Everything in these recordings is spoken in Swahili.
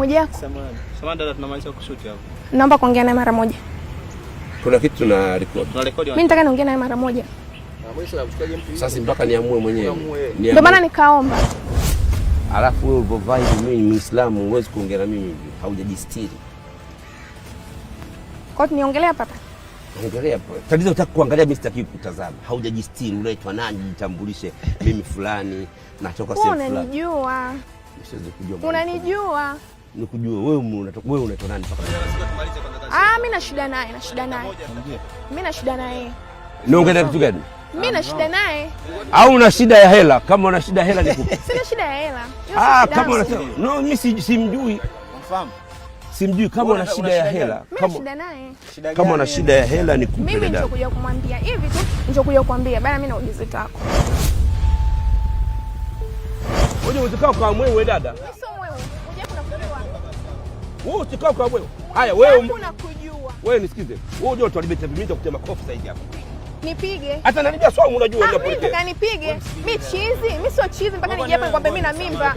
Mwijaku, naomba kuongea naye mara moja. Kuna kitu tuna record. Tuna record. Mimi nataka niongee naye mara moja. Sasa mpaka niamue mwenyewe. Ndio maana nikaomba. Alafu wewe ulivyovaa hivi, mimi ni Muislamu, huwezi kuongea na mimi hivi, haujajistiri. Kwa nini niongelea papa. Ongelea hapo. Tatizo utaki kuangalia mimi sitaki kutazama. Haujajistiri, unaitwa nani? Jitambulishe. Mimi fulani, natoka sehemu fulani. Unanijua. Unanijua nikujue wewe, wewe unaitwa nani? Ah, mimi na shida naye, na shida naye mimi na shida naye. Naongea kitu gani? Mimi na shida naye. Au una shida ya hela? Kama una shida ya hela nikupe. Sina shida ya hela. Ah, kama unasema no, mimi si simjui. Unafahamu? Simjui kama una shida ya hela. Kama shida naye. Kama una shida ya hela nikupe. Mimi ndio kuja kumwambia hivi tu, ndio kuja kumwambia. bana, mimi na ujuzi wako. Wewe unataka kwa mwewe dada? Wewe usikaa kwa wewe. Haya wewe. Mimi yaani nakujua. Wewe nisikize. Wewe unajua tuharibia vipi mimi kutia makofi sasa hapa. Nipige. Hata naribia swau unajua ndio ah, polisi. Mimi kanipige. Mimi chizi, mimi sio chizi mpaka nije hapa nikwambie mimi na mimba.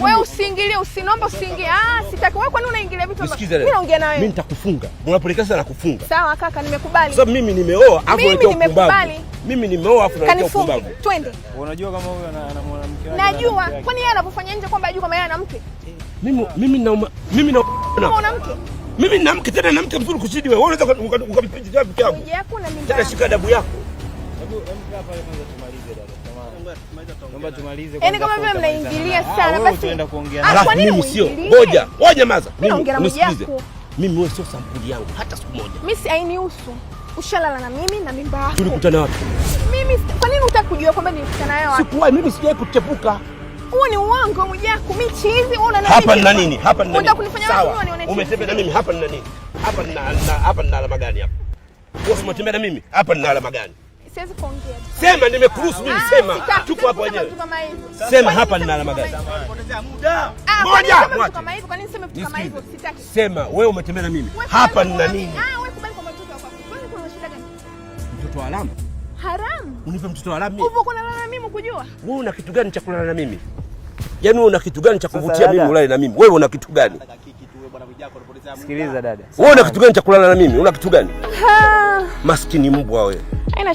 Wewe usiingilie, usinomba usiingie. Ah, sitaki. Wewe kwani unaingilia vitu ambavyo mimi naongea na wewe. Mimi nitakufunga. Unapelekea sana nakufunga. Sawa kaka, nimekubali. Sababu mimi nimeoa afu ndio nimekubali. Mimi nimeoa afu ndio kumbavu. Twende. Unajua kama huyo ana mwanamke. Najua. Kwani yeye anapofanya nje kwamba ajua kama yeye ana mke? Eh mimi mimi na mimi na mimi na mke tena na mke mzuri kuzidi wewe. Unaweza ukampiga jabu yangu tena, shika adabu yako. Yaani kama vile mnaingilia sana basi. Ah, kwa nini sio? Ngoja, ngoja nyamaza. Mimi unisikilize. Mimi wewe sio sampuli yangu hata siku moja. Mimi si hainihusu. Ushalala na mimi na mimba yako. Tulikutana wapi? Mimi kwa nini unataka kujua kwamba nilikutana naye wapi? Sikuwahi mimi sijawahi kuchepuka huu ni uongo Mwijaku. Mimi chizi wewe una nini? Hapa nina nini? Hapa nina nini? Unataka kunifanya nini? Umetembea na mimi hapa nina nini? Hapa nina hapa nina alama gani hapa? Wewe umetembea na mimi hapa nina alama gani? Siwezi kuongea. Sema nimekuruhusu mimi ah, sema. Ah, tuko hapa wenyewe. Sema hapa nina alama gani? Unapoteza muda. Moja. Ah, kama hivyo kwa nini sema vitu kama hivyo? Sitaki. Sema wewe umetembea na mimi. Hapa nina nini? Ah, wewe kubali kwa mtoto wako. Wewe kuna shida gani? Mtoto wa alama? Haramu. Unipe mtoto wa alama mimi. Uko kuna alama mimi kujua? Wewe una kitu gani cha kulala na mimi? Yaani wewe una kitu gani cha kuvutia mimi ulale na mimi? Wewe una kitu gani? Sikiliza dada. Wewe una kitu gani cha kulala na mimi? Una kitu gani? Maskini mbwa wewe.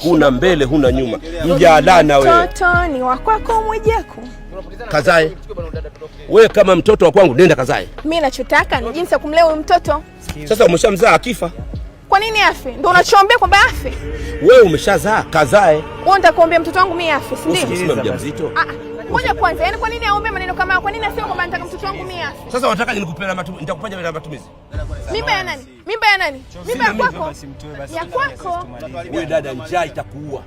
Huna mbele, huna nyuma. Mjadana wewe. Mtoto ni wa kwako Mwijaku. Kazae. Wewe kama mtoto wa kwangu nenda kazae. Mimi ninachotaka ni jinsi ya kumlea huyu mtoto. Sasa umeshamzaa akifa. Kwa nini afe? Ndio unachoombea kwamba afe? Wewe umeshazaa, kazae. Wewe utakuombea mtoto wangu mimi afe, si ndio? Mjamzito. Ah. Ngoja kwanza, yani kwa nini aombe maneno kama kwa nini asio kwamba nataka mtoto wangu mia? Sasa unataka nikupelea matumizi, nitakupatia bila matumizi. Mimba ya nani? Mimba ya nani? Mimba ya kwako. Ya kwako. Wewe dada, njaa itakuua.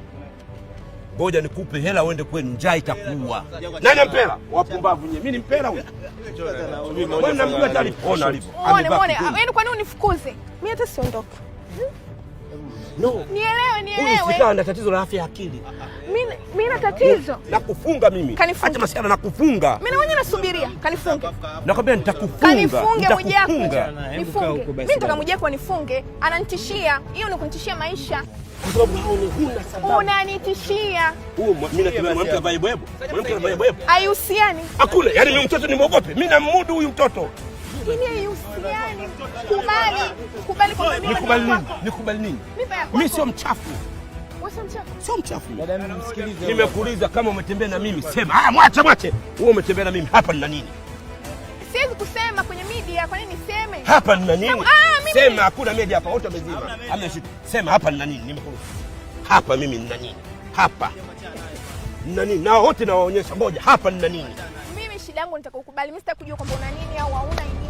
Ngoja nikupe hela uende kwenu, njaa itakuua. Nani ampela? Wapumbavu nyewe. Mimi ni mpela huyu. Wewe unamjua tayari. Ona alipo. Ona, ona. kwa nini unifukuze? Mimi hata siondoke. Hmm? No. Nielewe, nielewe. Huyu na tatizo la afya ya akili. Mimi mimi na tatizo. Na kufunga mimi. Acha masiana kufunga. Mimi na mwenyewe nasubiria. Kanifunga. Nakwambia nitakufunga. Kanifunge Mwijaku. Nifunge. Mimi nitaka Mwijaku anifunge. Ananitishia. Hiyo ni kunitishia maisha. Kwa sababu huna sababu. Unanitishia. Huyo mimi na mwanamke ambaye bwebo. Mwanamke ambaye bwebo. Haihusiani. Akule. Yaani mimi mtoto nimwogope. Mimi namudu huyu mtoto. Lakini usiani kubali, kubali kwa mimi. Nikubali nini? Nikubali nini? Mimi sio mchafu. Sio mchafu. Nimekuuliza kama umetembea na mimi, sema. Haya, mwache mwache. Wewe umetembea na mimi hapa nina nini? Siwezi kusema kwenye media, kwa nini niseme? Hapa nina nini? Sema ah, hakuna media hapa, wote wamezima. Ameshika. Sema hapa nina nini? Nimekuuliza. Hapa mimi nina nini? Hapa. Nina nini? Na wote nawaonyesha, ngoja. Hapa nina nini? Mimi shida yangu nitaka Mimi sitakujua kwamba una nini au hauna nini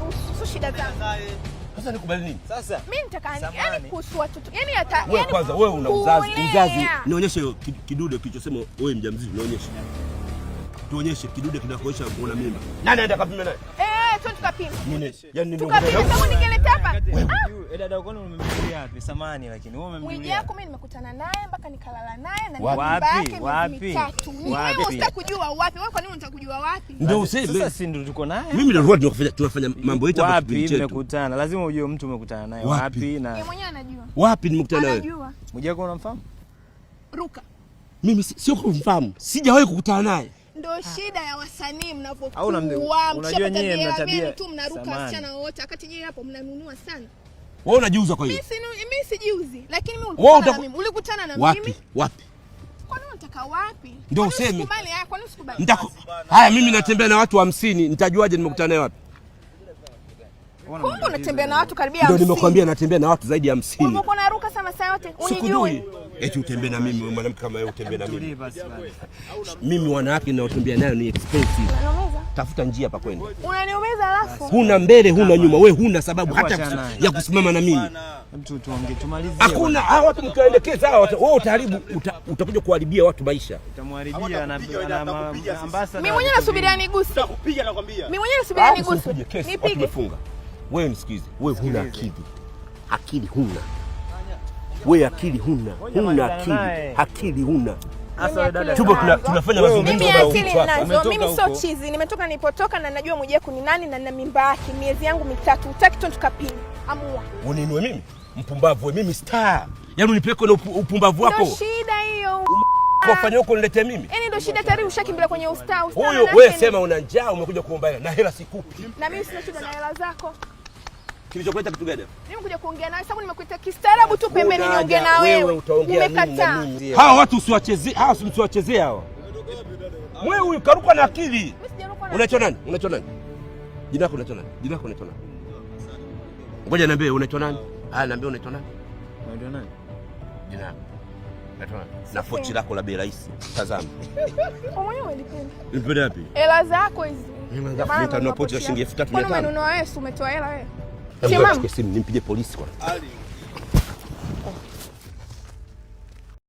kuhusu shida zangu. Sasa nikubali nini? Sasa mimi nitakaa yani kuhusu watoto. Yaani hata wewe kwanza wewe una uzazi, uzazi. Nionyeshe kidude kilichosema wewe mjamzito, nionyeshe. Tuonyeshe kidude kinakoisha una mimba. Nani anataka kupima naye? Eh, twende yaani ah! eh, nimekutana naye mpaka nikalala naye na nyumba yake wapi? Mitatu. Wewe usitaki kujua wapi? Wewe kwa nini unataka kujua wapi? Ndio useme. Sasa si ndio tuko naye. Mimi ndio tunafanya mambo yetu hapa kipindi chetu. Wapi nimekutana? Lazima ujue mtu umekutana naye wapi na yeye mwenyewe anajua. Wapi nimekutana naye? Anajua. Mwijaku unamfahamu? kukutana naye. Ndo ah. shida ya wasanii mnapokuwa mnajua nyinyi mna tabia tu mnaruka wasichana wote, wakati nyinyi hapo mnanunua sana. Wewe unajiuza kwa hiyo. Mimi sijiuzi, lakini mimi ulikutana na mimi. ulikutana na Wapi? Wapi? Kwa nini unataka wapi? Ndio useme. Kwa nini usikubali? Haya mimi natembea na watu 50 nitajuaje nimekutana naye wapi? Kumbe unatembea na watu karibia 50. Ndio nimekwambia natembea na watu zaidi ya 50. hamsini. Unaruka sana saa yote. Unijui eti utembee na mimi mwanamke kama wewe utembee na mimi. Mimi wanawake ninaotembea nayo ni expensive. Tafuta njia pa kwenda. Unaniumiza alafu. Huna mbele, huna nyuma, we huna sababu hata ya kusimama na mimi. Mtu tuongee tumalizie. Hakuna hawa watu mkiwaelekeza hawa watu wewe utaharibu utakuja kuharibia watu maisha. Utamharibia na ambasa. Mimi mwenyewe nasubiria nigusi. Nitakupiga nakwambia. Mimi mwenyewe nasubiria ah, nigusi. Nipige. Wewe nisikize. Wewe huna akili. Akili huna we akili huna, huna akili, akili huna Tupo tunafanya mazungumzo mimi sio chizi, nimetoka nilipotoka na najua Mwijaku ni nani na nina mimba yake miezi yangu mitatu. Utaki tu tukapini, amua uninue mimi. Mpumbavu mimi star, yaani unipeke na upumbavu wako. Ndio shida hiyo kufanya huko nilete mimi, yaani ndio shida. Tayari ushakimbia kwenye ustaa huyo. Wewe sema una njaa, umekuja kuomba hela na hela sikupi, na mimi sina shida na hela zako. Kilichokuleta kitu gani? Mimi kuja kuongea nawe sababu nimekuita kistaarabu tu pembeni niongee na wewe. Umekataa. Hawa watu usiwachezee, hawa usiwachezee hawa. Wewe huyu karuka na akili. Unaitwa nani? Unaitwa nani? Jina lako unaitwa nani? Jina lako unaitwa nani? Ngoja niambie unaitwa nani? Ah, niambie unaitwa nani? Unaitwa nani? Jina lako. Na fochi lako la bei rahisi. Tazama. Ulipenda wapi? Hela zako hizi. Mimi ngapi? Nitanoa pochi ya shilingi 3000. Kwa nini unanunua wewe? Umetoa hela wewe. É Simama. Nimpigie polícia, cara.